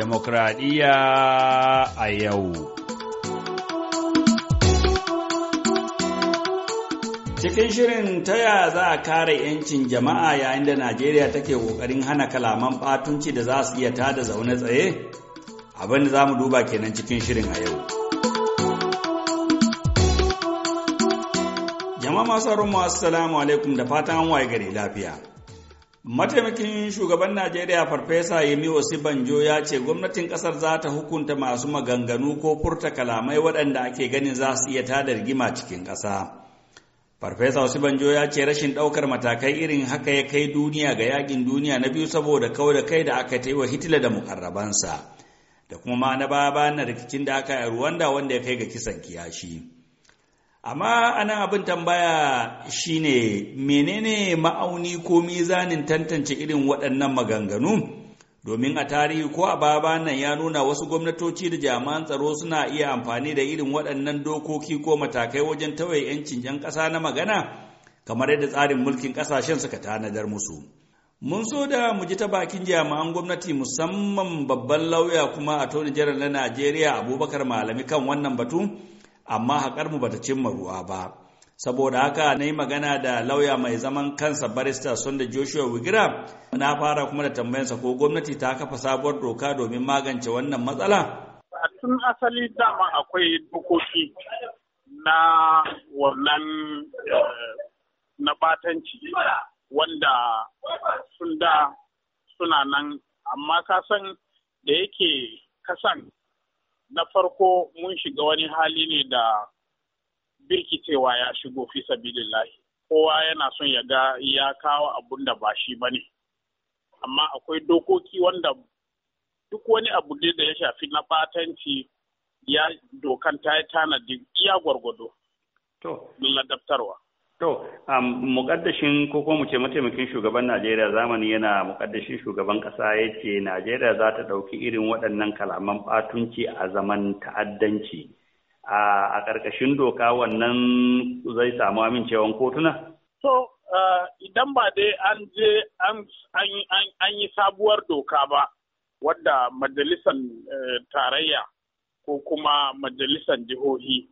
Demokradiyya a yau. Cikin shirin ta ya za a kare 'yancin jama'a yayin da Najeriya take ƙoƙarin hana kalaman ɓatunci da za su iya tada zaune tsaye? Abin da za mu duba kenan cikin shirin a yau. Jama'a masu haruma, assalamu alaikum da fatan waye gari lafiya. Mataimakin shugaban Najeriya Farfesa Yemi Osibanjo ya ce gwamnatin kasar za ta hukunta masu maganganu ko furta kalamai waɗanda ake ganin za su iya tada rigima cikin ƙasa. Farfesa Osibanjo ya ce rashin ɗaukar matakai irin haka ya kai duniya ga yakin duniya na biyu saboda kawai da kai da aka ta yi wa Hitler da mukarrabansa da kuma ma na baya bayan rikicin da aka yi Rwanda wanda ya kai ga kisan kiyashi. amma ana abin tambaya shine menene ma'auni ko mizanin tantance irin waɗannan maganganu domin a tarihi ko a baba nan ya nuna wasu gwamnatoci da jami'an tsaro suna iya amfani da irin waɗannan dokoki ko matakai wajen tawaye 'yancin 'yan ƙasa na magana kamar yadda tsarin mulkin ƙasashen suka tanadar musu mun so da mu ji ta bakin jami'an gwamnati musamman babban lauya kuma a tony jiran na najeriya abubakar malami kan wannan batu amma haƙar mu bata cimma ruwa ba saboda haka na yi magana da lauya mai zaman kansa barista sunda joshua wigira na fara kuma da tambayansa ko gwamnati ta kafa sabuwar doka domin magance wannan matsala A tun asali dama akwai dokoki na wannan eh, na batanci wanda sun suna nan amma kasan da yake kasan na farko mun shiga wani hali ne da birkicewa ya shigo fi sabilillahi kowa yana son ya ga ya kawo abun da ba shi ba ne amma akwai dokoki wanda duk wani abu da ya shafi na batanci ya dokan ta yi tanadi iya gwargwado ladabtarwa To, mukaddashin ko kuma mu ce mataimakin shugaban Najeriya zamani yana mukaddashin shugaban ƙasa, ya ce Najeriya za ta ɗauki irin waɗannan kalaman ɓatunci a zaman ta'addanci. A ƙarƙashin doka wannan zai samu amincewan kotuna? To, idan ba dai an je an yi sabuwar doka ba, wadda majalisan eh, tarayya ko kuma majalisar jihohi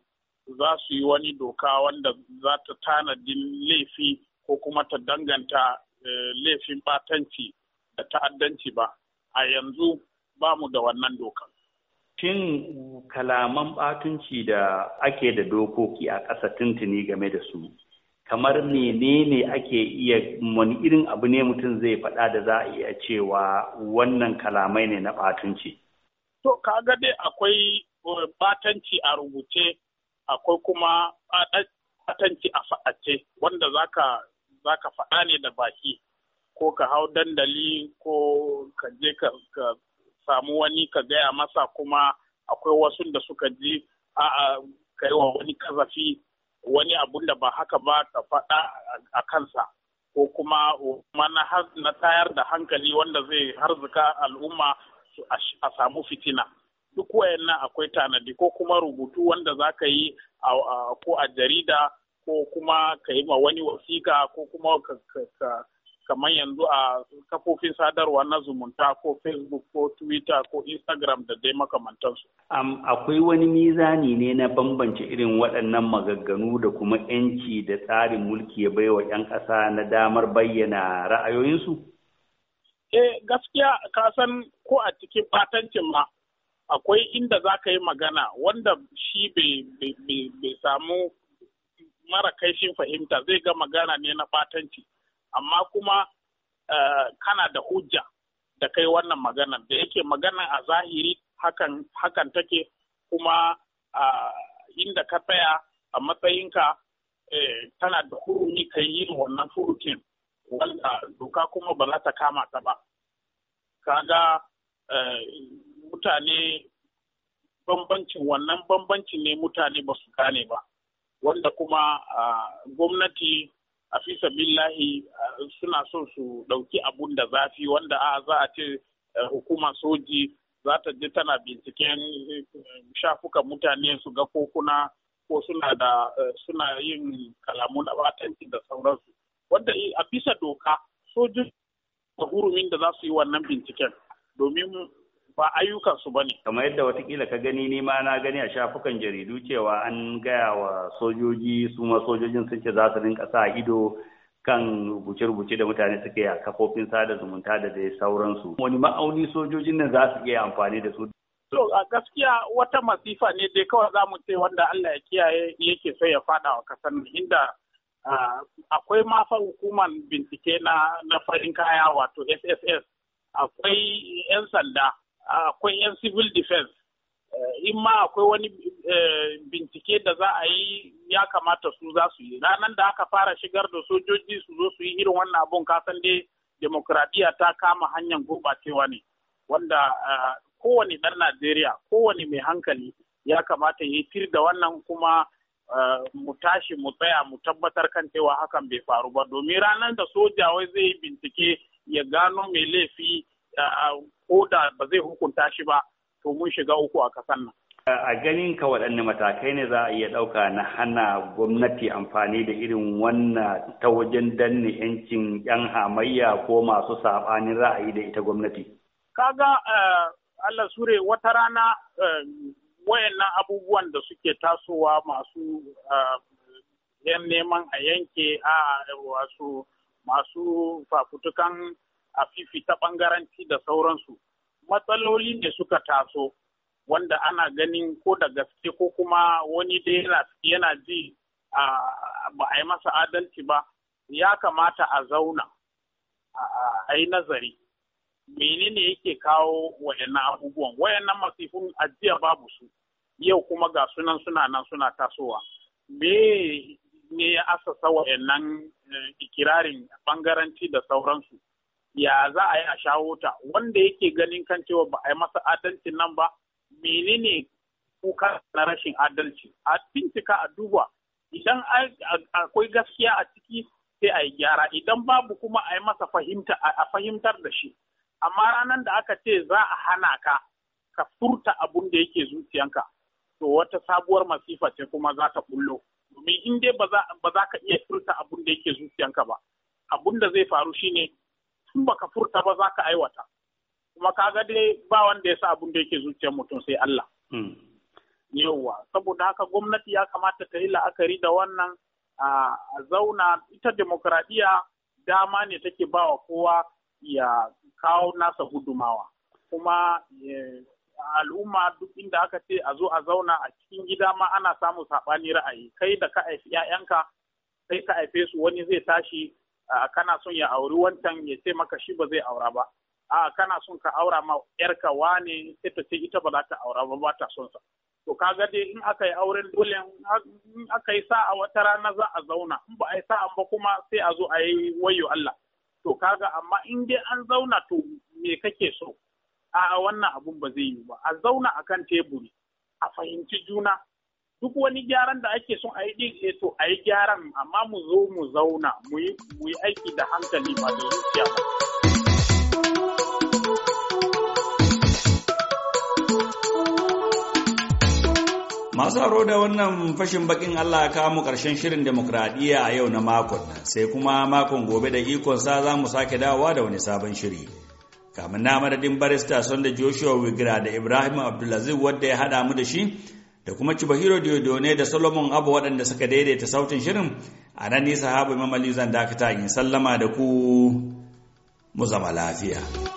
za su yi wani doka wanda za ta tanadin laifi ko kuma ta danganta eh, laifin batanci da ta'addanci ba a yanzu ba mu da wannan dokan. Shin kalaman batunci da ake da dokoki a ƙasa tuntuni game da su, kamar menene ake iya wani irin abu ne mutum zai faɗa da za a iya cewa wannan kalamai ne na batunci? To, kaga dai akwai batanci eh, a rubuce akwai kuma fatanci a fa'ace wanda zaka zaka faɗa ne da baki ko ka hau dandali ko ka je ka samu wani ka gaya masa kuma akwai wasu da suka ji a kai wa wani kazafi wani abun da ba haka ba ka faɗa a kansa ko kuma mana na tayar da hankali wanda zai harzuka al'umma a samu fitina. duk wayannan akwai tanadi ko kuma rubutu wanda za ka yi ko a jarida ko kuma ka yi ma wani wasiƙa ko kuma kamar yanzu a kafofin sadarwa na zumunta ko facebook ko twitter ko instagram da dai makamantansu. akwai wani mizani ne na bambance irin waɗannan magagganu da kuma 'yanci da tsarin mulki ya baiwa 'yan ƙasa na damar bayyana ra'ayoyinsu? Eh gaskiya kasan ko a cikin batancin ma akwai inda za ka yi magana wanda shi bai samu mara kaishin fahimta zai ga magana ne na batanci amma kuma eh, kana da hujja da kai wannan maganar da yake magana a zahiri hakan, hakan take kuma inda ka tsaya a matsayinka eh, tana da hurumi ka yi wannan furukin wanda doka kuma ba za ta kama ta ba kaga eh, mutane bambancin wannan bambancin ne mutane ba su gane ba wanda kuma gwamnati a fisa billahi suna son su ɗauki abun da zafi wanda a za a ce eh, hukuma soji za ta je tana binciken eh, shafukan mutane su ga kokuna ko suna da eh, suna yin kalamuna na da sauransu wanda a bisa doka sojin da hurumin da za su yi wannan binciken domin ba ayyukansu ba ne. Kamar yadda watakila ka gani ni ma na gani a shafukan jaridu cewa an gaya wa sojoji su ma sojojin sun ce za su rinka sa ido kan rubuce-rubuce da mutane suke a kafofin sada zumunta da dai sauransu. Wani ma'auni sojojin nan za su iya amfani da su. To a gaskiya wata masifa ne dai kawai za mu ce wanda Allah ya kiyaye yake so ya fada wa kasar inda akwai mafa hukumar bincike na na farin kaya wato SSS akwai 'yan sanda akwai 'yan civil defense eh, in ma akwai wani eh, bincike da za a yi ya kamata su za su yi ranar da aka fara shigar da sojoji su zo su yi irin wannan abun kasan dai demokradiyya ta kama hanyar gurbacewa ne wanda eh, kowane ɗan najeriya kowane mai hankali ya kamata ya yi da wannan kuma mu tashi mu tsaya mu tabbatar kan cewa hakan bai faru ba domin ranar da soja wai zai bincike ya gano mai laifi Ko da ba zai hukunta shi ba to mun shiga uku a kasan nan. A ganin ka waɗanne matakai ne za a iya ɗauka na hana gwamnati amfani da irin wannan ta wajen danne 'yancin 'yan hamayya ko masu saɓanin ra'ayi da ita gwamnati? Kaga Allah sure wata rana wayannan abubuwan da suke tasowa masu yan neman a yanke a wasu masu fafutukan a fifita ɓangaranci da sauransu matsaloli ne suka taso wanda ana ganin ko da gaske ko kuma wani da yana ji ba a yi masa adalci ba ya kamata a zauna a yi nazari menene yake kawo wayannan abubuwan wayannan masifin ajiya babu su yau kuma ga sunan suna nan suna tasowa me ne ya asasa wayannan eh, ikirarin bangaranci da sauransu ya za a yi a shawo ta wanda yake ganin kan cewa ba a yi masa adalcin nan ba menene kuka na rashin adalci a bincika a duba idan akwai gaskiya a ciki sai a yi gyara idan babu kuma a yi masa fahimta a fahimtar da shi amma ranar da aka ce za a hana ka ka furta abun da yake zuciyanka to wata sabuwar masifa ce kuma za ta bullo domin in dai ba za ka iya furta abun da yake zuciyanka ba abun da zai faru shine in baka furta ba za ka aiwata kuma kaga dai ba wanda ya sa abin da yake zuciyar mutum sai Allah hmm. yauwa saboda haka gwamnati ya kamata ta yi la'akari da wannan a zauna ita demokradiyya dama ne take ba wa kowa ya kawo nasa gudumawa kuma e, al'umma duk inda aka ce a zo a zauna a cikin gida ma ana samun saɓani ra'ayi kai da ka aifi 'ya'yanka sai ka haife su wani zai tashi kana son ya auri wancan ya ce maka shi ba zai aura ba a kana son ka aura ma yarka wane sai ta ce ita ba za ta aura ba ba ta son sa to kaga dai in aka yi auren dole in aka yi sa'a wata rana za a zauna in ba a yi sa'a ba kuma sai a zo a yi wayo Allah to kaga amma in dai an zauna to me kake so a wannan abun ba zai yi ba a zauna akan teburi a fahimci juna duk wani gyaran da ake son a yi din eh to a yi gyaran amma mu zo mu zauna mu yi aiki da hankali ba da zuciya ba. Masu haro da wannan fashin bakin Allah ka mu karshen shirin demokradiyya a yau na makon nan sai kuma makon gobe da ikon sa za mu sake dawowa da wani sabon shiri. Kamin na madadin barista son da Joshua Wigra da Ibrahim Abdulaziz wadda ya haɗa mu da shi da kuma Chibahiro Diodone da Solomon Abu waɗanda suka daidaita sautin shirin a nan ni sahabu mamali zan dakata in sallama da ku mu zama lafiya.